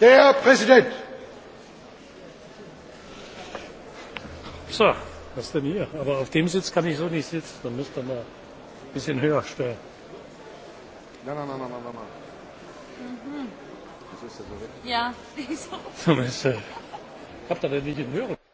Herr Präsident! So, was denn hier? Aber auf dem Sitz kann ich so nicht sitzen. Da müsste man ein bisschen höher stellen. Nein, nein, nein, nein, nein, nein. Mhm. Das ist ja so weg. Ja, wieso? Habt ihr denn nicht in höheren?